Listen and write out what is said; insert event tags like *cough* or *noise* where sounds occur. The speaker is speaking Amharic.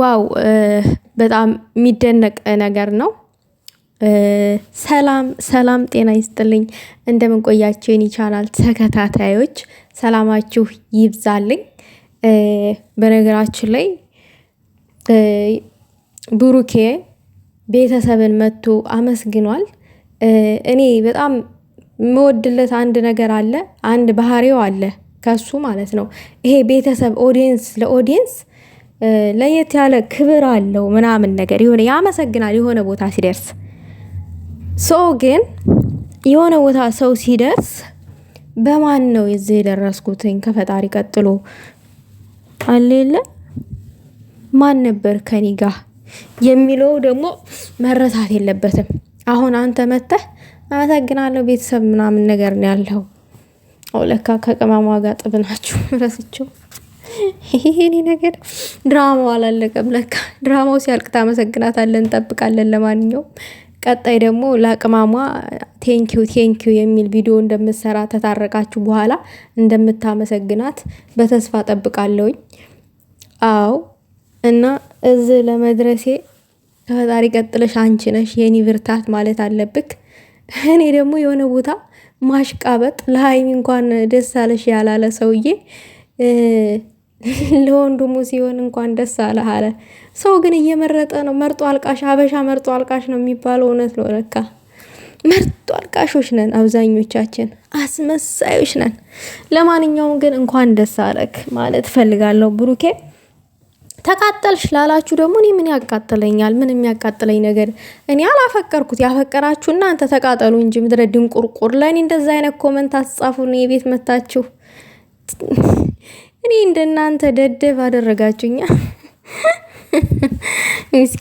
ዋው በጣም የሚደነቅ ነገር ነው። ሰላም ሰላም፣ ጤና ይስጥልኝ። እንደምንቆያችሁ የኔ ቻናል ተከታታዮች ሰላማችሁ ይብዛልኝ። በነገራችን ላይ ብሩኬ ቤተሰብን መጥቶ አመስግኗል። እኔ በጣም የምወድለት አንድ ነገር አለ፣ አንድ ባህሪው አለ ከሱ ማለት ነው። ይሄ ቤተሰብ ኦዲየንስ ለኦዲየንስ ለየት ያለ ክብር አለው ምናምን ነገር የሆነ ያመሰግናል የሆነ ቦታ ሲደርስ። ሰው ግን የሆነ ቦታ ሰው ሲደርስ በማን ነው የዚህ የደረስኩትኝ ከፈጣሪ ቀጥሎ አለ ማን ነበር ከኔ ጋ የሚለው ደግሞ መረሳት የለበትም። አሁን አንተ መተህ አመሰግናለሁ ቤተሰብ ምናምን ነገር ነው ያለው። ለካ ከቅመሟ ጋር ጥብናችሁ *laughs* ረስቸው ይሄኔ ነገር ድራማው አላለቀም ለካ። ድራማው ሲያልቅ ታመሰግናታለን፣ እንጠብቃለን። ለማንኛውም ቀጣይ ደግሞ ለአቅማሟ ቴንኪው ቴንኪው የሚል ቪዲዮ እንደምትሰራ ተታረቃችሁ በኋላ እንደምታመሰግናት በተስፋ ጠብቃለውኝ። አዎ እና እዚህ ለመድረሴ ከፈጣሪ ቀጥለሽ አንቺ ነሽ የኔ ብርታት ማለት አለብክ። እኔ ደግሞ የሆነ ቦታ ማሽቃበጥ ለሀይሚ እንኳን ደስ አለሽ ያላለ ሰውዬ *laughs* ለወንድሙ ሲሆን እንኳን ደስ አለ አለ። ሰው ግን እየመረጠ ነው። መርጦ አልቃሽ አበሻ መርጦ አልቃሽ ነው የሚባለው እውነት ነው። ለካ መርጦ አልቃሾች ነን አብዛኞቻችን፣ አስመሳዮች ነን። ለማንኛውም ግን እንኳን ደስ አለክ ማለት ፈልጋለሁ ብሩኬ። ተቃጠልሽ ላላችሁ ደግሞ እኔ ምን ያቃጥለኛል? ምን የሚያቃጥለኝ ነገር እኔ አላፈቀርኩት። ያፈቀራችሁ እናንተ ተቃጠሉ እንጂ ምድረ ድንቁርቁር። ለእኔ እንደዛ አይነት ኮመንት አትጻፉ። የቤት መታችሁ *laughs* እኔ እንደናንተ ደደብ አደረጋችሁኛ። *laughs*